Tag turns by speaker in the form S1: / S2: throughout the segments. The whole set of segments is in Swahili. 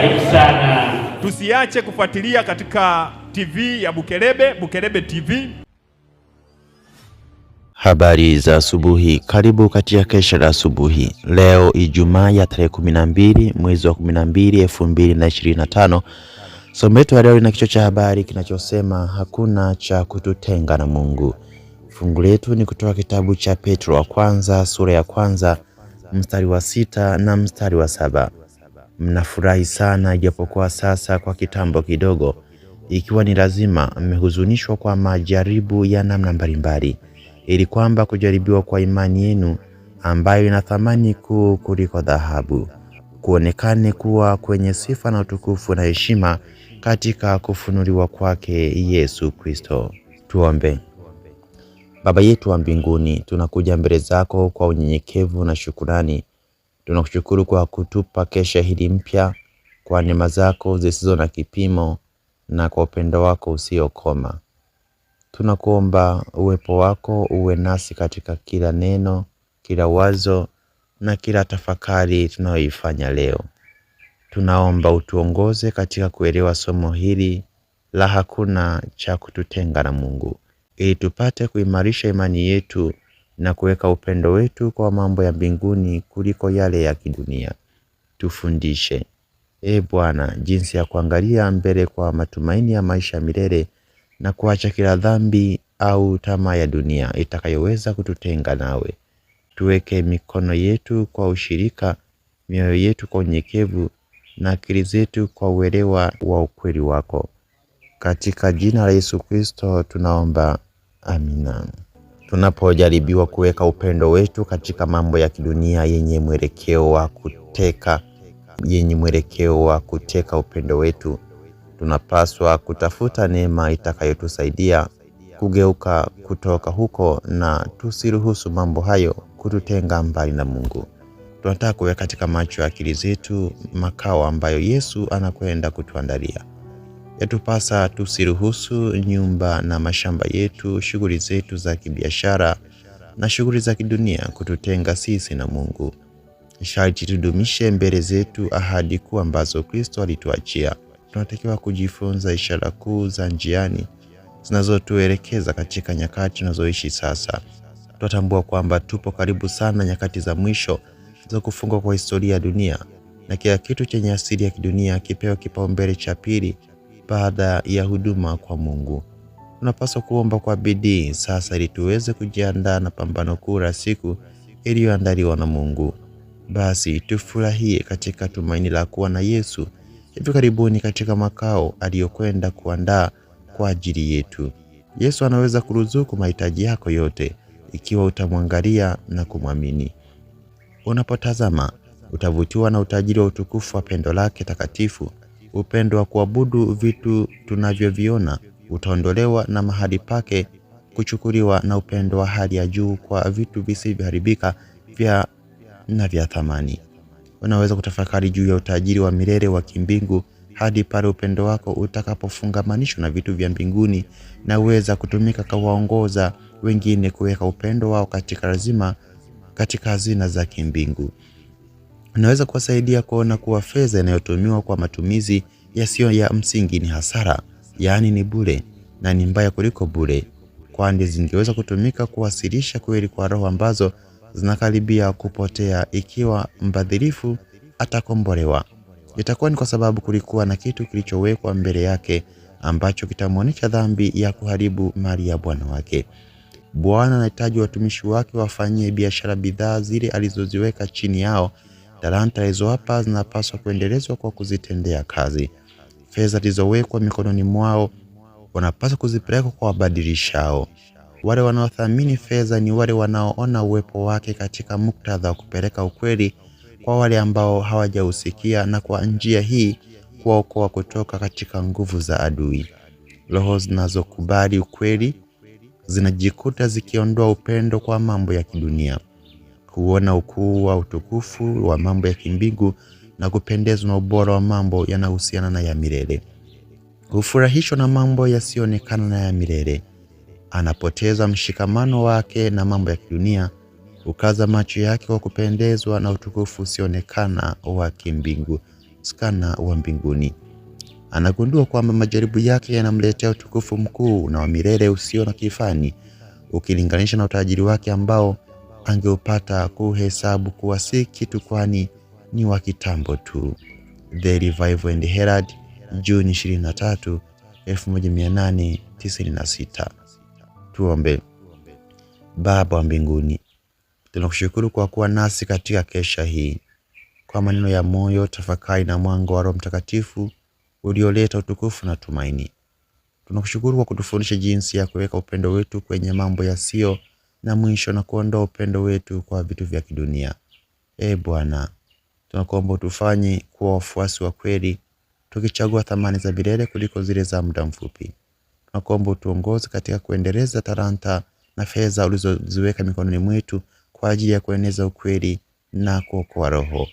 S1: Karibu sana.
S2: Tusiache kufuatilia katika TV ya Bukelebe, Bukelebe TV.
S3: Habari za asubuhi, karibu katika kesha la asubuhi leo Ijumaa ya tarehe 12 mwezi wa 12 2025. Somo letu leo lina kichwa cha habari kinachosema hakuna cha kututenga na Mungu. Fungu letu ni kutoka kitabu cha Petro wa kwanza sura ya kwanza mstari wa sita na mstari wa saba mnafurahi sana, ijapokuwa sasa kwa kitambo kidogo, ikiwa ni lazima, mmehuzunishwa kwa majaribu ya namna mbalimbali, ili kwamba kujaribiwa kwa imani yenu ambayo ina thamani kuu kuliko dhahabu kuonekane kuwa kwenye sifa na utukufu na heshima katika kufunuliwa kwake Yesu Kristo. Tuombe.
S4: Baba yetu wa mbinguni, tunakuja mbele zako kwa unyenyekevu na shukurani Tunakushukuru kwa kutupa kesha hili mpya, kwa neema zako zisizo na kipimo na kwa upendo wako usiokoma. Tunakuomba uwepo wako uwe nasi katika kila neno, kila wazo na kila tafakari tunayoifanya leo. Tunaomba utuongoze katika kuelewa somo hili la hakuna cha kututenga na Mungu, ili tupate kuimarisha imani yetu na kuweka upendo wetu kwa mambo ya mbinguni kuliko yale ya kidunia. Tufundishe e Bwana, jinsi ya kuangalia mbele kwa matumaini ya maisha milele na kuacha kila dhambi au tamaa ya dunia itakayoweza kututenga nawe. Tuweke mikono yetu kwa ushirika, mioyo yetu kwa unyenyekevu na akili zetu kwa uelewa wa ukweli wako. Katika jina la Yesu Kristo tunaomba, amina tunapojaribiwa kuweka upendo wetu katika mambo ya kidunia yenye mwelekeo wa kuteka yenye mwelekeo wa kuteka upendo wetu, tunapaswa kutafuta neema itakayotusaidia kugeuka kutoka huko, na tusiruhusu mambo hayo kututenga mbali na Mungu. Tunataka kuweka katika macho ya akili zetu makao ambayo Yesu anakwenda kutuandalia yatupasa tusiruhusu nyumba na mashamba yetu, shughuli zetu za kibiashara na shughuli za kidunia kututenga sisi na Mungu. Sharti tudumishe mbele zetu ahadi kuu ambazo Kristo alituachia. Tunatakiwa kujifunza ishara kuu za njiani zinazotuelekeza katika nyakati tunazoishi sasa. Tutatambua kwamba tupo karibu sana nyakati za mwisho za kufungwa kwa historia ya dunia, na kila kitu chenye asili ya kidunia kipewa kipaumbele cha pili baada ya huduma kwa Mungu. Tunapaswa kuomba kwa bidii sasa ili tuweze kujiandaa na pambano kuu la siku iliyoandaliwa na Mungu. Basi tufurahie katika tumaini la kuwa na Yesu hivi karibuni katika makao aliyokwenda kuandaa kwa ajili yetu. Yesu anaweza kuruzuku mahitaji yako yote ikiwa utamwangalia na kumwamini. Unapotazama utavutiwa na utajiri wa utukufu wa pendo lake takatifu upendo wa kuabudu vitu tunavyoviona utaondolewa na mahali pake kuchukuliwa na upendo wa hali ya juu kwa vitu visivyoharibika vya na vya thamani. Unaweza kutafakari juu ya utajiri wa milele wa kimbingu hadi pale upendo wako utakapofungamanishwa na vitu vya mbinguni na uweza kutumika kawaongoza wengine kuweka upendo wao katika lazima katika hazina za kimbingu. Unaweza kuwasaidia kuona kuwa fedha inayotumiwa kwa matumizi yasiyo ya msingi ni hasara, yaani ni bure na ni mbaya kuliko bure, kwani zingeweza kutumika kuwasilisha kweli kwa roho ambazo zinakaribia kupotea. Ikiwa mbadhirifu atakombolewa, itakuwa ni kwa sababu kulikuwa na kitu kilichowekwa mbele yake ambacho kitamwonyesha dhambi ya kuharibu mali ya bwana wake. Bwana anahitaji watumishi wake wafanyie biashara bidhaa zile alizoziweka chini yao. Talanta alizowapa zinapaswa kuendelezwa kwa kuzitendea kazi fedha zilizowekwa mikononi mwao wanapaswa kuzipeleka kwa wabadilishao. Wale wanaothamini fedha ni wale wanaoona uwepo wake katika muktadha wa kupeleka ukweli kwa wale ambao hawajausikia, na kwa njia hii kuwaokoa kutoka katika nguvu za adui. Roho zinazokubali ukweli zinajikuta zikiondoa upendo kwa mambo ya kidunia, kuona ukuu wa utukufu wa mambo ya kimbingu na kupendezwa na ubora wa mambo yanayohusiana na ya milele, hufurahishwa na mambo yasiyoonekana na ya milele, anapoteza mshikamano wake na mambo ya kidunia, hukaza macho yake kwa kupendezwa na utukufu usioonekana wa kimbingu skana wa mbinguni. Anagundua kwamba majaribu yake yanamletea utukufu mkuu na wa milele usio na kifani, ukilinganisha na utajiri wake ambao angeupata kuhesabu kuwa si kitu, kwani ni wa kitambo tu. The Revival and Herald, Juni 23, 1896. Tuombe. Baba wa mbinguni, tunakushukuru kwa kuwa nasi katika kesha hii. Kwa maneno ya moyo, tafakari na mwanga wa Roho Mtakatifu ulioleta utukufu na tumaini, tunakushukuru kwa kutufundisha jinsi ya kuweka upendo wetu kwenye mambo yasiyo na mwisho na kuondoa upendo wetu kwa vitu vya kidunia. E Bwana, tunakuomba utufanye kuwa wafuasi wa kweli, tukichagua thamani za milele kuliko zile za muda mfupi. Tunakuomba utuongoze katika kuendeleza talanta na fedha ulizoziweka mikononi mwetu kwa ajili ya kueneza ukweli na kuokoa roho.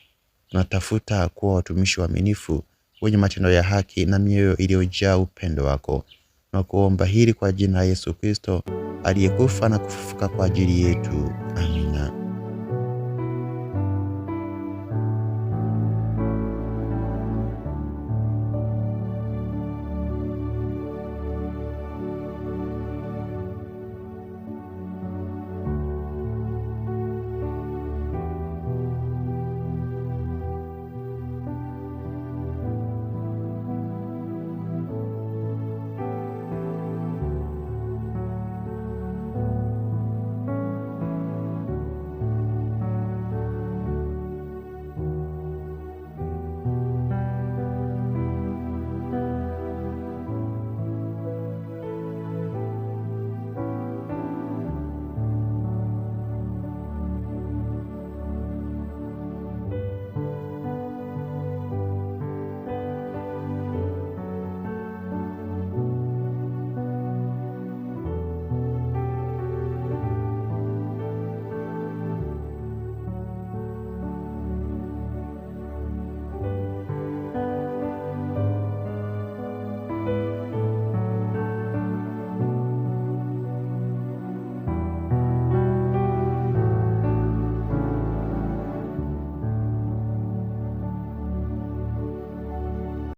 S4: Tunatafuta kuwa watumishi waaminifu wenye matendo ya haki na mioyo iliyojaa upendo wako. Tunakuomba hili kwa jina la Yesu Kristo aliyekufa na kufufuka kwa ajili yetu. Amen.